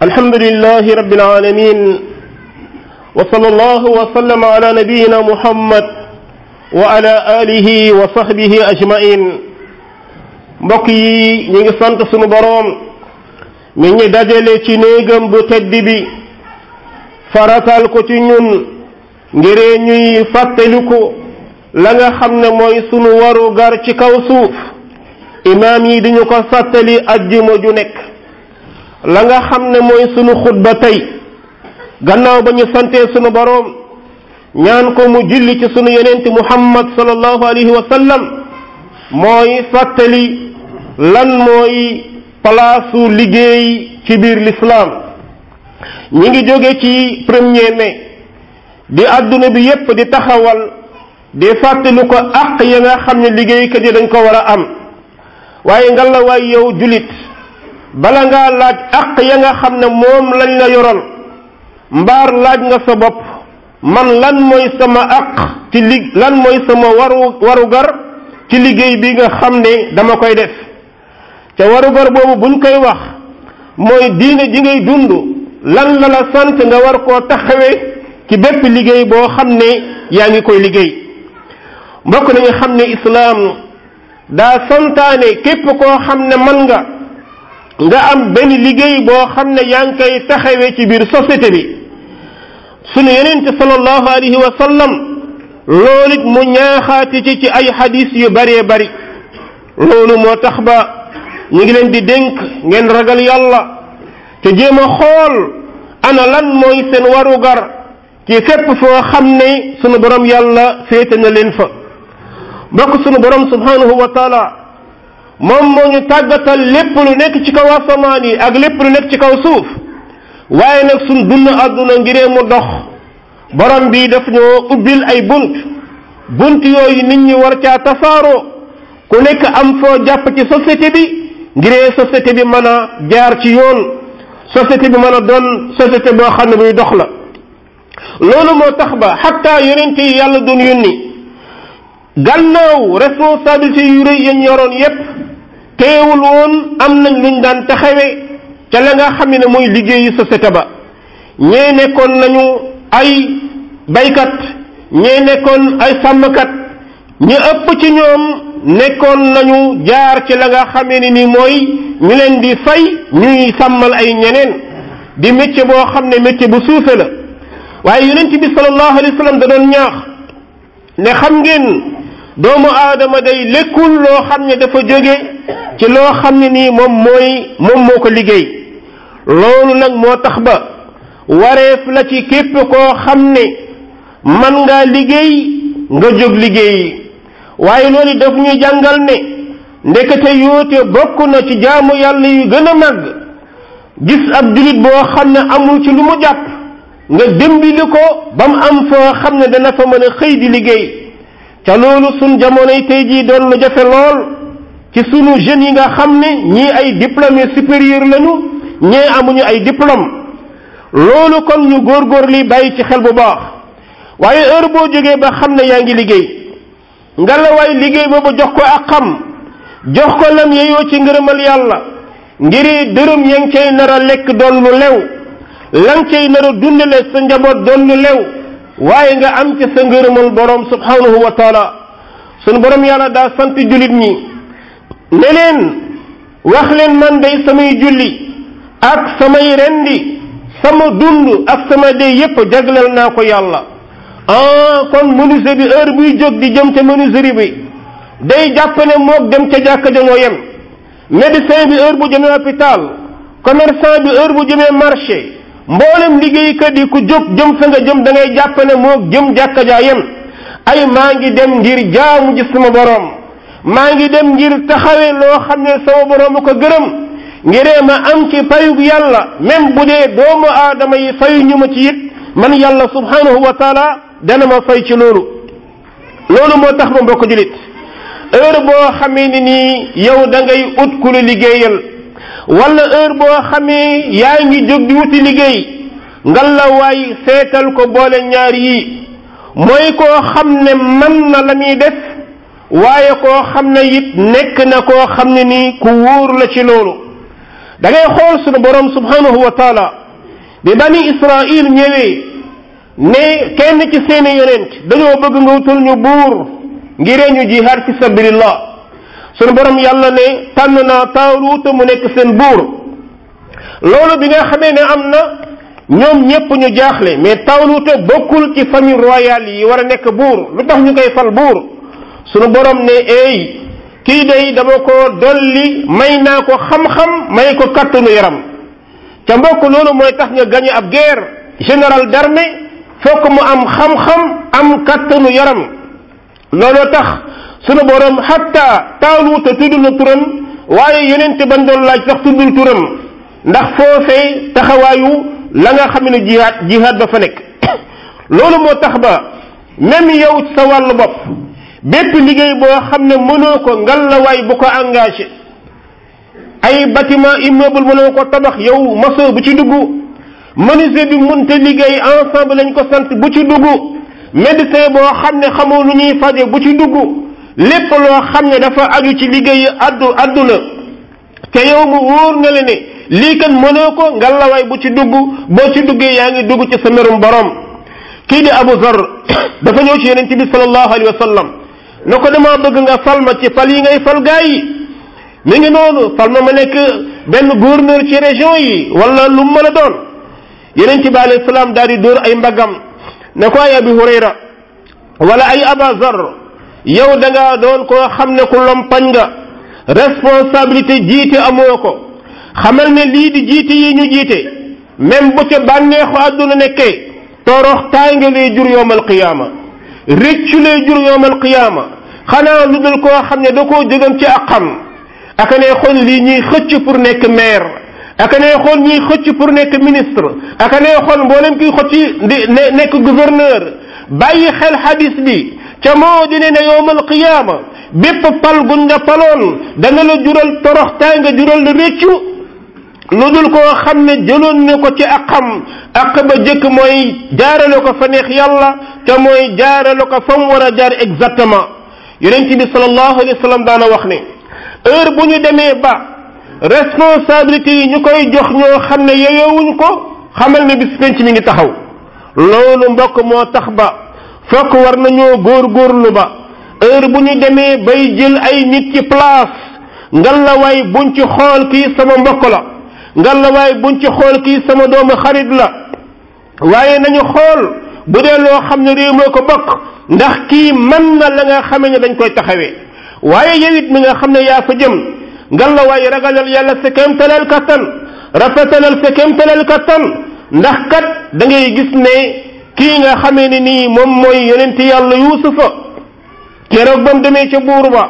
alhamdulilahi rabbil alamin wa sallallahu wa sallam ala nabiyyina muhammad wa ala alihi wa sahbihi mbokk yi ñu ngi sant sunu boroom mi ñu dajale ci néegam bu tedd bi faratal ko ci ñun ngiree ñuy fàttaliku la nga xam ne mooy sunu waru gar ci kaw imaam yi di ñu ko fàttali ajjuma ju nekk la nga xam ne mooy sunu xutba tey gannaaw ba ñu santee sunu boroom ñaan ko mu julli ci sunu yonent muhammad sallallahu alayhi wa sallam mooy fàttali lan mooy palaasu liggéey ci biir lislaam ñu ngi jóge ci premier mai di àdduna bi yépp di taxawal di fàttali ko àq ya nga xam ne liggéeykat yi dañ ko war a am waaye nga la waay yow julit bala ngaa laaj àq ya nga xam ne moom lañ la yoral mbaar laaj nga sa bopp man lan mooy sama àq ci li lan mooy sama waru ci liggéey bi nga xam ne dama koy def ca warugar boobu buñ koy wax mooy diine ji ngay dund lan la la sant nga war koo tax taxawee ci bépp liggéey boo xam ne yaa ngi koy liggéey mbokk nañu xam ne islaam daa santaane képp koo xam ne man nga nga am benn liggéey boo xam ne yaa ngi koy taxawee ci biir société bi sunu yenente sallallahu alayhi wa sallam loolu it mu ñaaxaati ci ci ay xadis yu bëree bëri loolu moo tax ba ñu ngi leen di dénk ngeen ragal yàlla te jéem a xool ana lan mooy seen warugar ci fépp foo xam ne sunu borom yàlla féete na leen fa bokk sunu borom subhanahu wa taala moom moo ñu tàggatal lépp lu nekk ci kaw asamaan yi ak lépp lu nekk ci kaw suuf waaye nag suñ dund àdduna ngiree mu dox borom bii daf ñoo ubbil ay bunt bunt yooyu nit ñi war caa tasaaroo ku nekk am foo jàpp ci société bi ngiree société bi mën a jaar ci yoon société bi mën doon société boo xam ne buy dox la loolu moo tax ba xatta yonent yi yàlla doon yónni gannaaw responsabilité yu rëy yañ yoroon yépp teewul woon am nañ luñ daan taxawee ca la nga xam ne mooy liggéeyu société ba ñee nekkoon nañu ay baykat ñee nekkoon ay sàmmkat ñi ëpp ci ñoom nekkoon nañu jaar ci la nga xamee ne ni mooy ñu leen di fay ñuy sàmmal ay ñeneen di métier boo xam ne métier bu suufe la waaye yonent bi sallallahu alayhi wa da doon ñaax ne xam ngeen doomu aadama day lekkul loo xam ne dafa jóge ci loo xam ne nii moom mooy moom moo ko liggéey loolu nag moo tax ba wareef la ci képp koo xam ne man ngaa liggéey nga jóg liggéey waaye loolu daf ñu jàngal ne ndekete yoote bokk na ci jaamu yàlla yu gën a màgg gis ab jullit boo xam ne amul ci lu mu jàpp nga dimbali ko ba mu am foo xam ne dana fa mën a xëy di liggéey ca loolu sun jamonoy tey jii doon lu jafe lool ci sunu jeunes yi nga xam ne ñii ay diplômés supérieur lañu ñee amuñu ay diplôme loolu kon ñu góor góor li bàyyi ci xel bu baax waaye heure boo jógee ba xam ne yaa ngi liggéey ngalawaay liggéey boobu jox ko ak xam jox ko lam yeyoo ci ngërëmal yàlla ngiri dërëm ya ngi cay nar a lekk doon lu lew la nga cay nar a dundale sa njaboot doon lu lew waaye nga am ci sa ngërëmal borom subhanahu wa taala sunu borom yàlla daa sant jullit ñi ne leen wax leen man day samay julli ak samay rendi sama dund ak sama dee yépp jagleel naa ko yàlla ah kon menuisier bi heure buy jóg di jëm ca menuiserie bi day jàpp ne moog dem ca jàkka ja moo yem médecin bi heure bu jëmee hôpital commerçant bi heure bu jëmee marché mboolem liggéeykat yi ku jóg jëm fa nga jëm da ngay jàpp ne moog jëm jàkka jaa yem ay maa ngi dem ngir jaamu ji sama borom. maa ngi dem ngir taxawee loo xam ne sama borom ko gërëm ngiree ma am ci payug yàlla même bu dee doomu aadama yi fayu ñu ma ci it man yàlla subhanahu wa dana ma fay ci loolu loolu moo tax ma mbokk julit heure boo xamee ni nii yow dangay ngay ut ku la liggéeyal wala heure boo xamee yaa ngi jóg di wuti liggéey ngal la waay seetal ko boole ñaar yi mooy koo xam ne mën na la muy def waaye koo xam ne it nekk na koo xam ne nii ku wóor la ci loolu da ngay xool sunu borom subhanahu wa taala bi bani israil ñëwee ne kenn ci seen yonent dañoo bëgg nga wutal ñu buur ngiree ñu jihaad fi sabilillah sunu borom yàlla ne tànn naa taaluuta mu nekk seen buur loolu bi nga xamee ne am na ñoom ñépp ñu jaaxle mais taaluuta bokkul ci famille royale yi war a nekk buur lu tax ñu koy fal buur sunu borom ne eey kii day dama ko dolli may naa ko xam-xam may ko kàttanu yaram ca mbokk loolu mooy tax nga gañe ab guerre général d'armée fokk mu am xam-xam am kattanu yaram looloo tax sunu borom xatta taaluuta tudd na turam waaye yonente ban doon laaj sax tuddul turam ndax foofee taxawaayu la nga xam ne jihaad jihaad ba fa nekk loolu moo tax ba même yow sa wàllu bopp bépp liggéey boo xam ne mënoo ko waay bu ko engagé ay bâtiment immeuble mënoo ko tabax yow maçon bu ci dugg menuisier bi mënta liggéey ensemble lañ ko sant bu ci dugg médecin boo xam ne xamoo lu ñuy faje bu ci dugg lépp loo xam ne dafa aju ci liggéey addu adduna te yow mu wóor na la ne lii kan mënoo ko ngallawaay bu ci dugg boo ci duggee yaa ngi dugg ci sa merum borom kii di Abu Zar dafa ñëw ci yeneen ci bi sallallahu alayhi wa na ko dama bëgg nga fal ma ci fal yi ngay fal gaa yi mi ngi noonu fal ma ma nekk benn gouverneur ci région yi wala lu mu mën a doon yeneen ci bi alayhi salaam daal ay mbagam ne ko ay abi hurayra wala ay aba zar yow da ngaa doon koo xam ne ku lompañ nga responsabilité jiite amoo ko xamal ne lii di jiite yi ñu jiite même bu ca bànneexu àdduna nekkee torox taay nga lay jur yowmal qiyaama rëccu lay jur yowmal qiyaama xanaa lu dul koo xam ne da koo ci ak aka ne xool lii ñuy xëcc pour nekk maire aka ne xool ñii xëcc pour nekk ministre aka ne xool mboolem kiy xëcc di nekk gouverneur bàyyi xel xadis bi ca moo di ne ne yowmal qiyaama bépp pal guñ la paloon dana la jural toroxtaay nga jural la réccu lu dul xam ne jëloon ne ko ci aqam aq ba jëkk mooy jaarale ko fa neex yàlla te mooy jaarale ko fa mu war jaar exactement yonent bi sallallahu alayhi wa sallam daana wax ne heure bu ñu demee ba responsabilité yi ñu koy jox ñoo xam ne yeyowuñ ko xamal ne bis penc mi ngi taxaw loolu mbokk moo tax ba fokk war góor nañoo góorgóorlu ba heure bu ñu demee bay jël ay nit ci place ngan la waay buñ ci xool kii sama mbokk la ngan la waay buñ ci xool kii sama doomu xarit la waaye nañu xool bu dee loo xam ne réew moo ko bokk ndax kii man na la nga xamee ne dañ koy taxawee waaye yow it nga xam ne yaa fa jëm ngan la waaye ragalal yàlla sa kéemtalal kattan rafetalal sa kéemtalal kattan ndax kat da ngay gis ne kii nga xamee ne nii moom mooy yeneen ti yàlla yuusufa keroog ba mu demee ca buur ba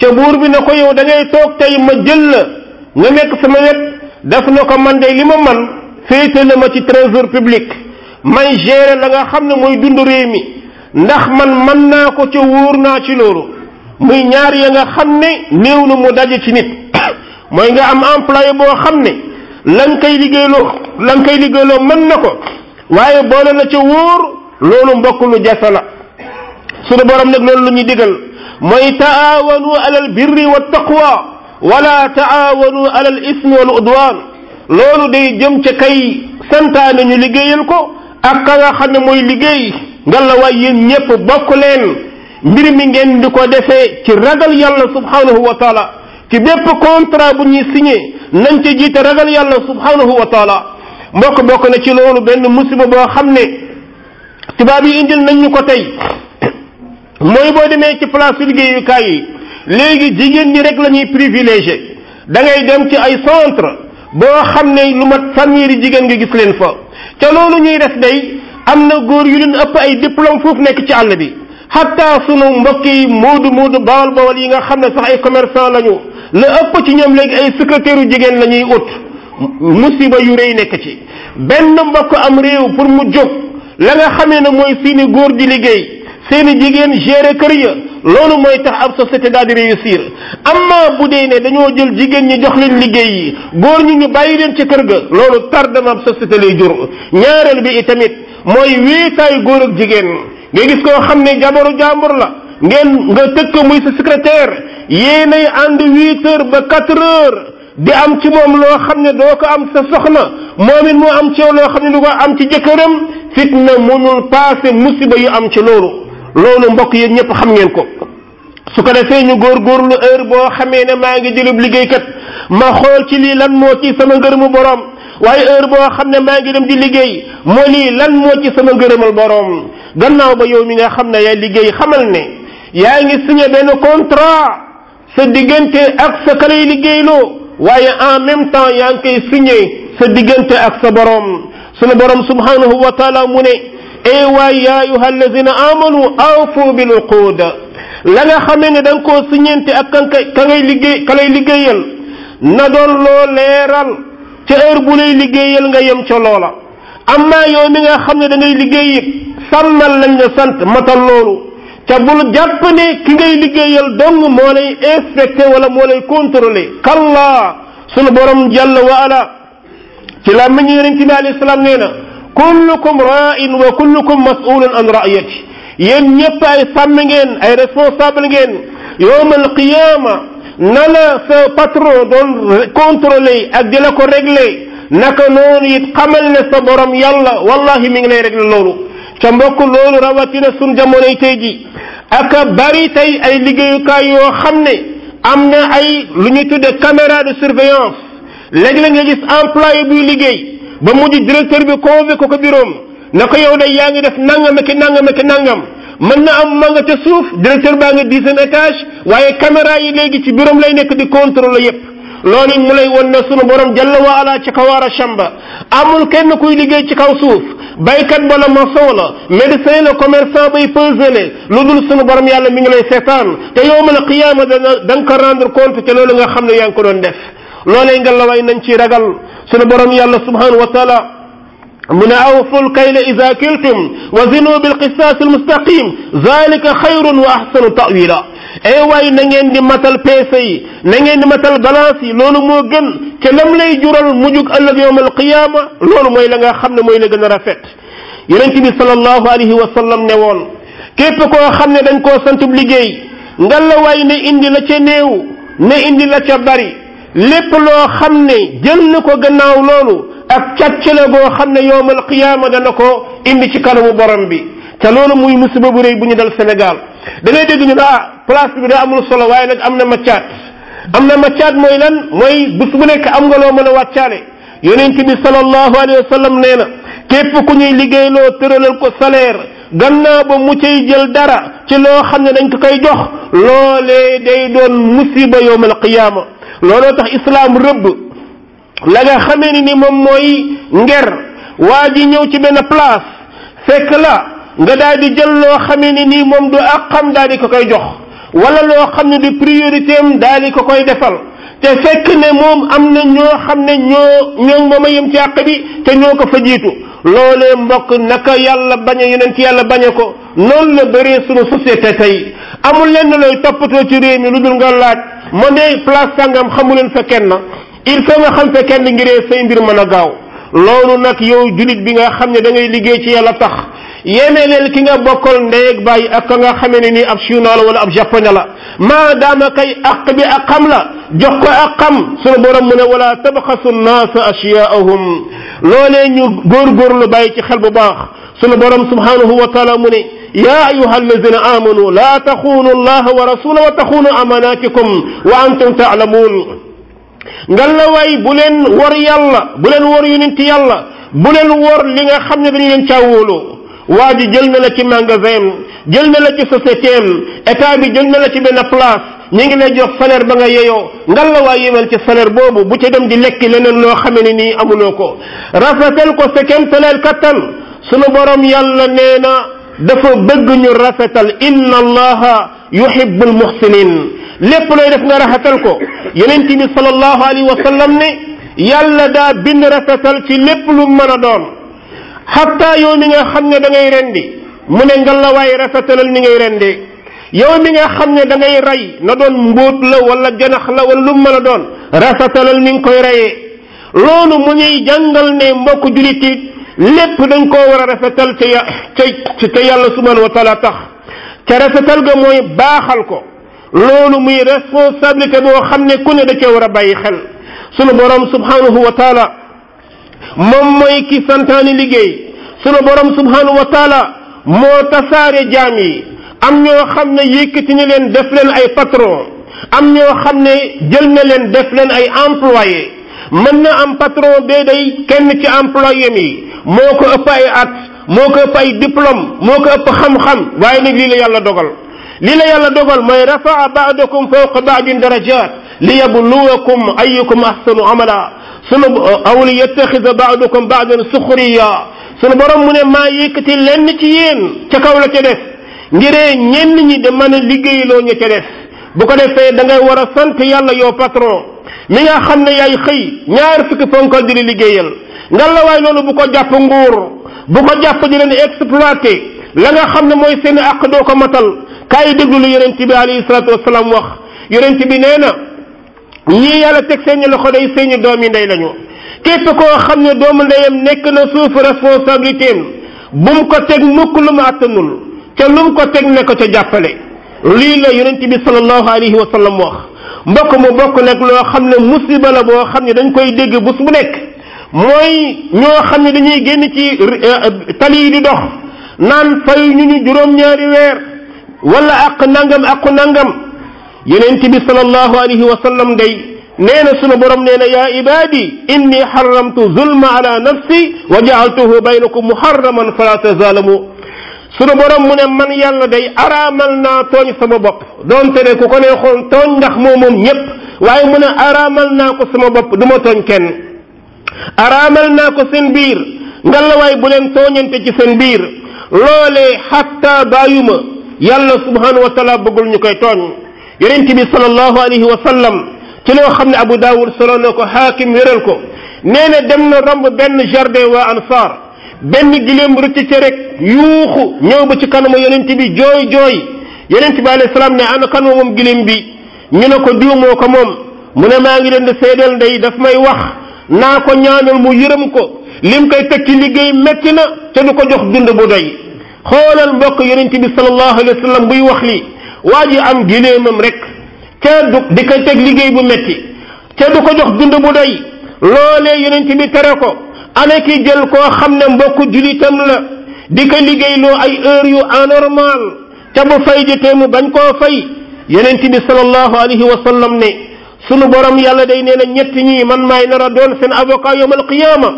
ca buur bi na ko yow da ngay toog tey ma jël la nga nekk sama wet daf na ko man de li ma man féetale ma ci trésor public may gérer la nga xam ne mooy dund réew mi ndax man mën naa ko ca wóor naa ci loolu muy ñaar ya nga xam ne néew na mu daje ci nit mooy nga am employé boo xam ne lan koy liggéeyloo lan koy liggéeyloo mën na ko waaye boole na ca wóor loolu mbokk lu jasa la sunu borom nag loolu lu ñuy digal mooy taawanu alal birri wa taqwa wala taawanu alal ismi wal udwan loolu day jëm ca kay santaane ñu liggéeyal ko ak kaa nga xam ne mooy liggéey ngalawaay yéen ñépp bokk leen mbir mi ngeen di ko defee ci ragal yàlla subhanahu wa taala ci bépp contrat bu ñuy signé nañ ca jiite ragal yàlla subhanahu wa taala mbokk bokk na ci loolu benn musiba boo xam ne tubaab yi indil nañ ko tey mooy boo demee ci place liggéeyukaay yi léegi jigéen ñi rek la ñuy privilégié da ngay dem ci ay centre boo xam ne lu mat fanweeri jigéen nga gis leen fa te loolu ñuy def day am na góor yu leen ëpp ay diplôme foofu nekk ci àll bi xataa sunu mbokk yi moodu moodu bawal bawal yi nga xam ne sax ay commerçant lañu la ëpp ci ñoom léegi ay secrétaire u jigéen la ñuy ut musiba yu rey nekk ci benn ko am réew pour mu jóg la nga xamee ne mooy seeni góor di liggéey seeni jigéen gérer kër ya loolu mooy tax ab société daal di réussir amma bu dee ne dañoo jël jigéen ñi jox leen liggéey yi góor ñi ñu bàyyi leen ci kër ga loolu tardement ab société lay jur ñaareel bi itamit mooy wéetaay góor ak jigéen nga gis koo xam ne jabaru jàmbur la ngeen nga tëkk muy sa secrétaire yéenay ànd huit heures ba quatre heures di am ci moom loo xam ne doo ko am sa soxna moom it mu am ci loo xam ne du ko am ci jëkkëram fitna munul paase musiba yu am ci loolu loolu mbokk yéen ñëpp xam ngeen ko su ko defee ñu góorgóorlu heure boo xamee ne maa ngi jëlub liggéeykat ma xool ci lii lan moo ci sama ngërëmu borom waaye heure boo xam ne maa ngi dem di liggéey moo lii lan moo ci sama ngërëmal borom gannaaw ba yow mi nga xam ne yaay liggéey xamal ne yaa ngi signé benn contrat sa diggante ak sa kalay liggéeyloo waaye en même temps yaa ngi koy signé sa diggante ak sa borom sunu borom subhanahu wa taala mu ne waa yaa ayuha alladina amanu awfu bil uqud la nga xamee ne da nga koo siñeente ak ka ngay liggéey ka lay liggéeyal na doon loo leeral ca heure bu lay liggéeyal nga yem ca loola amma yow mi nga xam ne da ngay liggéey it sàmmal lañ sant matal loolu ca bul jàpp ne ki ngay liggéeyal dong moo lay inspecté wala moo lay contrôlé kallaa sunu borom jàll wa ala ci la meññ yonente bi alayhi salaam nee kullukum ra'in wa kullukum mas'ulun an ra'yati yéen ñëpp ay sàmm ngeen ay responsable ngeen yawmal qiyaama na la sa patron doon contrôler ak di la ko régler na noonu it xamal ne sa borom yàlla wallahi mi ngi lay régler loolu ca mbokk loolu rawatina sun jamonoy tey ji ak bari tey ay liggéeyukaay yoo xam ne am na ay lu ñu tudde caméra de surveillance léeg-léeg nga gis liggéey ba mujj directeur bi convoqué ko ko biroom ne ko yow day yaa ngi def nangam ak nangam ak nangam mën na am ma nga ca suuf directeur baa nga dixième étage waaye caméra yi léegi ci biroom lay nekk di contrôler yépp loolu mu lay won ne sunu borom jalla wa ala ci kawaara chamba amul kenn kuy liggéey ci kaw suuf baykat ba la maçon la médecin la commerçant bay pesele lu dul sunu borom yàlla mi ngi lay seetaan te yowmal qiyaama dana da nga ko rendre compte te loolu nga xam ne yaa ngi ko doon def loolee nga lawaay nañ ci ragal sunu borom yàlla subhanahu wa taala mu ne awfu lkayla i kiltum wa zinu bilqisaas almustaqim zalika xayrun wa axsanu tawila ay waay na ngeen di matal peese yi na ngeen di matal balance yi loolu moo gën ca lam lay jural mujjug ëllëg yowm alqiyaama loolu mooy la nga xam ne mooy la gën a rafet yonente bi sallallahu alayhi wa sallam ne woon képp koo xam ne dañ koo santub liggéey nga la waay ne indi la ca néew ne indi la ca bari lépp loo xam ne jël na ko gannaaw loolu ak càcc la boo xam ne yowmal qiyaama dana ko indi ci kanamu borom bi te loolu muy musiba bu rëy bu ñu dal Sénégal da ngay dégg ñu ne ah place bi daa amul solo waaye nag am na maccaat am na maccaat mooy lan mooy bu bés bu nekk am nga loo mën a wàccaale yonent bi sallallahu alayhi wa sallam nee na képp ku ñuy liggéeyloo tëralal ko salaire gannaaw ba mu cay jël dara ci loo xam ne dañ ko koy jox loolee day doon musiba yowmal qiyaama looloo tax islaam rëbb la nga xamee ni ni moom mooy nger waa ji ñëw ci benn place fekk la nga daal di jël loo xamee ni nii moom du ak xam daal di ko koy jox wala loo xam ne du priorité daal di ko koy defal te fekk ne moom am na ñoo xam ne ñoo ñoo moom yem ci àq bi te ñoo ko fa loolee mbokk naka yàlla bañ a yonent yàlla bañ a ko noonu la bëree sunu société tey amul lenn looy toppatoo ci réew mi lu dul nga laaj ma ne place sangam xamuleen fa kenn il faut nga xam fa kenn ngiree say mbir mën a gaaw loolu nag yow jullit bi nga xam ne dangay liggéey ci yàlla tax yemeeleel ki nga bokkal ndeeg bàyyi ak ka nga xamee ne nii ab chinois la wala ab japonais la maadaama kay àq bi ak xam la jox ko ak xam sunu borom mu ne wala tabxasu loolee ñu góorgóorlu bàyyi ci xel bu baax sunu borom subhanahu wa taala mu ne yaa ayuha alladina amanu laa taxuunu allaha wa rasula wa taxuunu amanatikum wa antum taalamuun ngalla waay bu leen wor yàlla bu leen wor yonent yàlla bu leen wor li nga xam ne dañ leen caawóoloo waa ji jël na la ci magasin jël na la ci société état bi jël na la ci benn place ñi ngi lay jox salaire ba nga yeyoo ngal la waa yemal ci salaire boobu bu ci dem di lekk leneen loo xame ne nii amuloo ko rafetal ko sa kéemtalaal kattan sunu borom yàlla nee na dafa bëgg ñu rafetal inna allaha yuhibbul muhsinin lépp looy def nga rafetal ko yonent bi sallallahu alayhi wa sallam ne yàlla daa bind rafetal ci lépp lu mën a doon xatta yow mi nga xam ne da ngay rendi mu ne ngalawaay rafetalal ni ngay rendee yow mi nga xam ne dangay rey na doon mbóot la wala janax la wala lu mën a doon rafetalal ni nga koy reyee loolu mu ñuy jàngal ne mbokk julit yi lépp dañ koo war a rafetal ca ca ca yàlla subhanahu wa taala tax ca rafetal ga mooy baaxal ko loolu muy responsabilité boo xam ne ku ne da cee war a bàyyi xel sunu borom subhanahu wa moom mooy ki santaani liggéey sunu borom subhanahu wa taala moo tasaare jaam yi am ñoo xam ne yëkkati na leen def leen ay patron am ñoo xam ne jël na leen def leen ay employé mën na am patron bee day kenn ci employé mi moo ko ëpp ay at moo ko ëpp ay diplôme moo ko ëpp xam-xam waaye nag lii la yàlla dogal lii la yàlla dogal mooy rafaa baadakum fawqa baadin darajat li yabluwakum ayukum ahsanu amala sunu euh, aw li yattaxida baadukum baadan suxriya sunu borom mu ne maa yëkkati lenn ci yéen ca kaw la ca des ngiree ñenn ñi de mën a liggéeyloo ña ca des bu ko defee da dangay war a sant yàlla yow patron mi nga xam ne yaay xëy ñaar fukki ponkal di li liggéeyal nga la waay loolu bu ko jàpp nguur bu ko jàpp di leen exploité la nga xam ne mooy seen àq doo ko matal kaay déglu lu yonent bi alayhi salaatu wasalaam wax yonent bi nee na ñii yàlla teg seeni loxo day seeni yi ndey lañu képp koo xam ne doomu ndeyam nekk na suuf responsabilité bu mu ko teg mukk lu mu àttanul ca lu mu ko teg ne ko ca jàppale lii la yonent bi sallallahu alayhi wa sallam wax mbokk mu bokk nekk loo xam ne musiba la boo xam ne dañ koy dégg bés bu nekk mooy ñoo xam ne dañuy génn ci euh, tali yi di dox naan fay ñu ñu juróom-ñaari weer wala ak nangam ak nangam yonent bi sallallahu alayhi wa sallam day nee na sunu borom nee na yaa ibaadi inni xaramtu zulma ala nafsi wa jaaltuhu baynakum muharraman fala tazaalamu sunu borom mu ne man yàlla dey araamal naa tooñ sama bopp donte ne ku ko neexoon tooñ ndax moo moom ñépp waaye mu ne araamal naa ko sama bopp du ma tooñ kenn araamal naa ko seen biir ngalawaay bu leen tooñante ci seen biir loolee xatta bàyyuma yàlla subhanahu wa taala bëggul ñu koy tooñ yonent bi sallallahu alayhi wa sallam ci loo xam ne Abu Dawud solo na ko xaakim wéral ko nee na dem na romb benn jardin waa ansaar benn gileem rëcc ca rek yuuxu ñëw ba ci kanamu yonent bi jooy jooy yonent bi alayhi salaam ne ana kan moom gileem bi ñu ne ko diw ko moom mu ne maa ngi leen di seedeel ndey daf may wax naa ko ñaanal mu yërëm ko lim koy teg ci liggéey metti na te du ko jox dund bu doy xoolal mbokk yonent bi sallallahu alayhi wa sallam buy wax lii waa ji am gileemam rek ca du di ko teg liggéey bu metti ca du ko jox dund bu doy loolee yonent bi tere ko ana ki jël koo xam ne mbokku julitam la di ko liggéeyloo ay heure yu anormal ca bu fay jotee mu bañ koo fay yonent bi sallallahu alayhi wa sallam ne sunu borom yàlla day nee na ñett ñii man maay nar a doon seen avocat yawm al qiyaama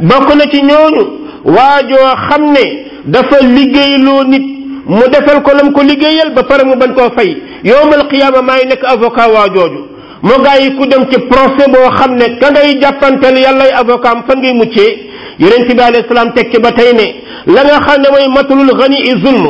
bokk na ci ñooñu waajoo xam ne dafa liggéeyloo nit mu defal ko lam ko liggéeyal ba pare mu bañ koo fay yowmal qiyaama maay nekk avocat waa jooju moo gaa yi ku dem ci procès boo xam ne ka ngay jàppanteel yàllay avocat am fan ngay muccee yonent bi alayhi salaam teg ci ba tey ne la nga xam ne mooy matalul xani i zulm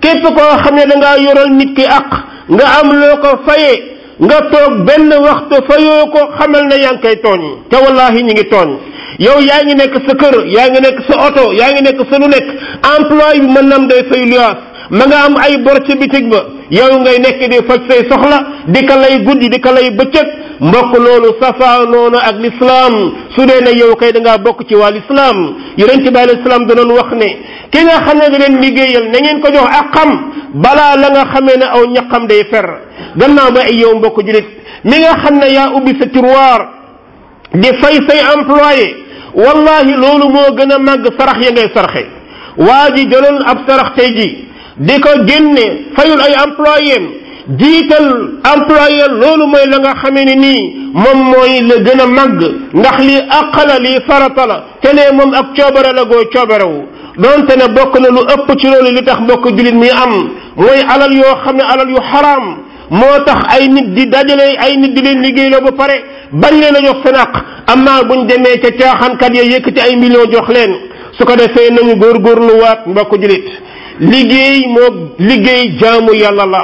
képp koo xam ne da ngaa yoral nit ki àq nga am loo ko fayee nga toog benn waxtu fayoo ko xamal ne yaa ngi koy tooñ te wallahi ñu ngi tooñ yow yaa ngi nekk sa kër yaa ngi nekk sa oto yaa ngi nekk sa nekk emploi bi mën nam day fay luyaas ma nga am ay bor ca bitig ba yow ngay nekk di faj say soxla di ka lay guddi di ka lay bëccëg mbokk loolu safaanoona ak lislaam su dee ne yow kay danga bokk ci waa lislaam yonent bi alayhi salaam da wax ne ki a xam ne da leen liggéeyal na ngeen ko jox ak xam balaa la nga xamee ne aw ñaqam day fer gannaaw ba ay yow mbokk julit mi nga xam ne yaa ubbi sa tiroir di fay say employé wallahi loolu moo gën a màgg sarax ya ngay sarxe waa ji jëloon ab sarax tey di ko génne fayul ay employé jiital employeur loolu mooy la nga xamee ni nii moom mooy la gën a màgg ndax li àq la lii farata la te moom ak coobare la goo coobarewu donte ne bokk na lu ëpp ci loolu li tax bokk jullit muy am mooy alal yoo xam ne alal yu xaraam moo tax ay nit di dajale ay nit di leen liggéey la ba pare bañ leen a jox seen àq amaa buñ demee ca caaxaankat ya yëkkati ay million jox leen su ko defee nañu góorgóorluwaat mbokk jullit liggéey moo liggéey jaamu yàlla la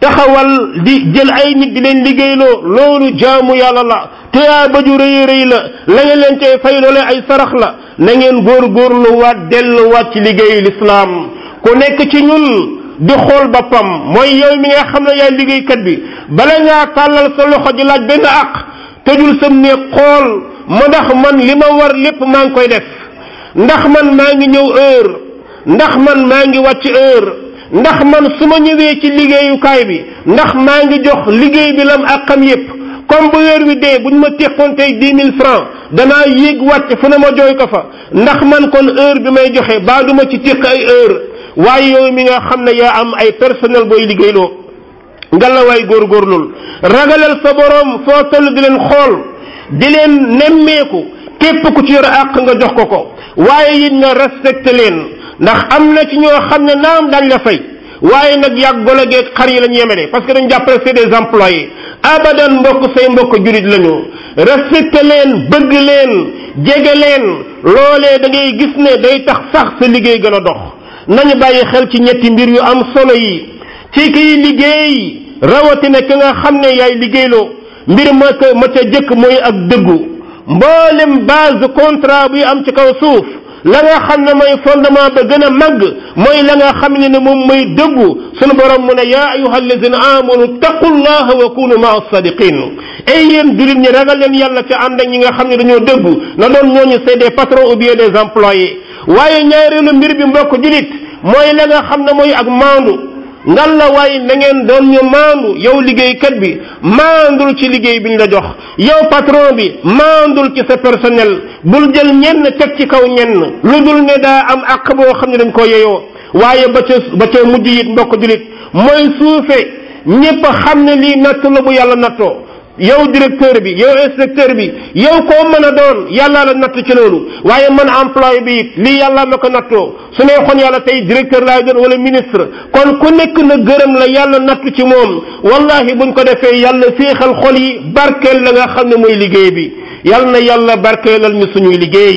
taxawal di jël ay nit di leen liggéeyloo loolu jaamu yàlla la tuyaa ba ju rëy rëy la la ngeen leen cay fay loolee ay sarax la na ngeen góor góor góorgóorluwaat delluwaat ci liggéeyu lislaam ku nekk ci ñun di xool boppam mooy yow mi nga xam ne yaay liggéeykat bi bala ngaa tàllal sa loxo ji laaj benn àq tëjul sam ne xool ma ndax man li ma war lépp maa ngi koy def ndax man maa ngi ñëw heure ndax man maa ngi wàcc heure ndax man su ma ñëwee ci liggéeyukaay bi ndax maa ngi jox liggéey bi lam ak xam yëpp comme bu weer wi dee bu ñu ma teqoon tey dix mille francs danaa yéeg wàcc fu na ma jooy ko fa ndax man kon heure bi may joxe baa duma ci teq ay heure waaye yow mi nga xam na yaa am ay personnel booy liggéeyloo ngalawaay góorgóorlul ragalal sa boroom foo toll di leen xool di leen nemmeeku képp ku ci yor àq nga jox ko ko waaye it nga respecté ndax am na ci ñoo xam ne naam dañ la fay waaye nag yàgg golo geeg xar yi lañu yemale parce que dañ jàpp rek c'est des employés abadan mbokk say mbokk jurit lañu respecté leen bëgg leen jege leen loole da ngay gis ne day tax sax sa liggéey gën a dox nañu bàyyi xel ci ñetti mbir yu am solo yi ci kiy liggéey rawatina ki nga xam ne yaay liggéeyloo mbir ma ca ma ca jëkk mooy ak dëggu mboolem base contrat buy am ci kaw suuf la nga xam ne mooy fondement ba gën a màgg mooy la nga xam ne ne moom mooy dëggu sunu borom mu ne yaa ayuha alladina amanu taqullaha wa kunu maa sadiqin ay yéen jullit ñi ragal leen yàlla te ànd ak ñi nga xam ne dañoo dëggu na doon ñooñu c'est des patrons ou bien des employés waaye ñaareelu mbir bi mbokk jullit mooy la xam na mooy ak maandu ngal la waaye na ngeen doon ñu maandu yow liggéeykat bi maandul ci liggéey bi ñu la jox yow patron bi maandul ci sa personnel bul jël ñenn teg ci kaw ñenn lu dul ne daa am àq boo xam ne dañ ko yeyoo waaye ba ca ba ca mujj it mbokk julit mooy suufe ñépp xam ne lii natt la bu yàlla nattoo yow directeur bi yow inspecteur bi yow koo mën a doon yàlla la natt ci loolu waaye man employé bi lii yàlla ma ko nattoo su neexoon yàlla tey directeur laay doon wala ministre kon ku nekk na gërëm la yàlla nattu ci moom wallahi buñ ko defee yàlla féexal xol yi barkeel la nga xam ne mooy liggéey bi yàlla na yàlla barkeelal ñu suñuy liggéey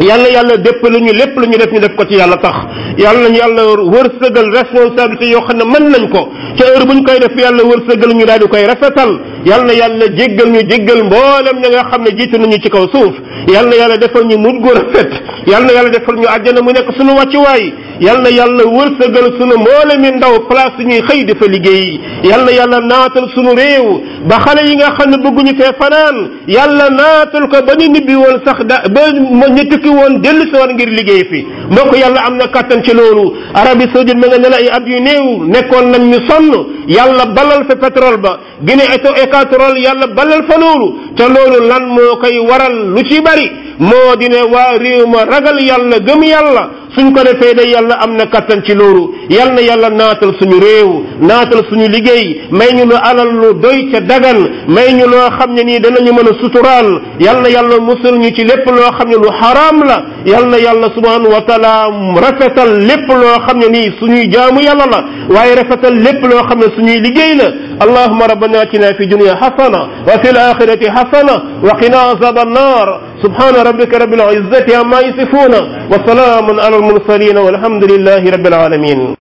yàlla yàlla dépp lu ñu lépp la ñu def ñu def ko ci yàlla tax yàlla nañu yàlla wërsëgal responsabilité yoo xam ne mën nañ ko ca heure bu ñu koy def yàlla wërsëgal ñu daal di koy rafetal yal na yàlla jéggal ñu jéggal mboolem ña nga xam ne jiitu nañu ci kaw suuf yal yàlla defal ñu mujj gu rafet yal na yàlla defal ñu àjjana mu nekk sunu wàccuwaay yal na yàlla wërsëgal sunu mboolemi ndaw place ñuy xëy dafa liggéey yal yàlla naatal sunu réew ba xale yi nga xam ne bëgguñu fee fanaan yàlla naatal ko ba ñu nibbi woon sax da ba ñu tukki woon dellu si war ngir liggéey fi mbokk yàlla am na kattan ci loolu Arabie Saoudite ma nga ne la ay at yu néew nekkoon nañ ñu yàlla balal fa pétrole equatorial yàlla balal fa loolu te lan moo koy waral lu ci bari moo di ne waa réew ma ragal yàlla gëm yàlla suñ ko defee day yàlla am na kattan ci loolu yal na yàlla naatal suñu réew naatal suñu liggéey may ñu lu alal lu doy ca dagan may ñu loo xam ne nii danañu mën a suturaal yal na yàlla musal ñu ci lépp loo xam ne lu xaraam la yal na yàlla subhanahu wa taala rafetal lépp loo xam ne ni suñuy jaamu yàlla la waaye rafetal lépp loo xam ne suñuy liggéey la allahuma rabbana atina fi dunia xasana wa fi l axirati xasana wa qina azab annar subhana rabbika rabbil izzati amma yasifuna wa salaamun ala المرسلين والحمد لله رب العالمين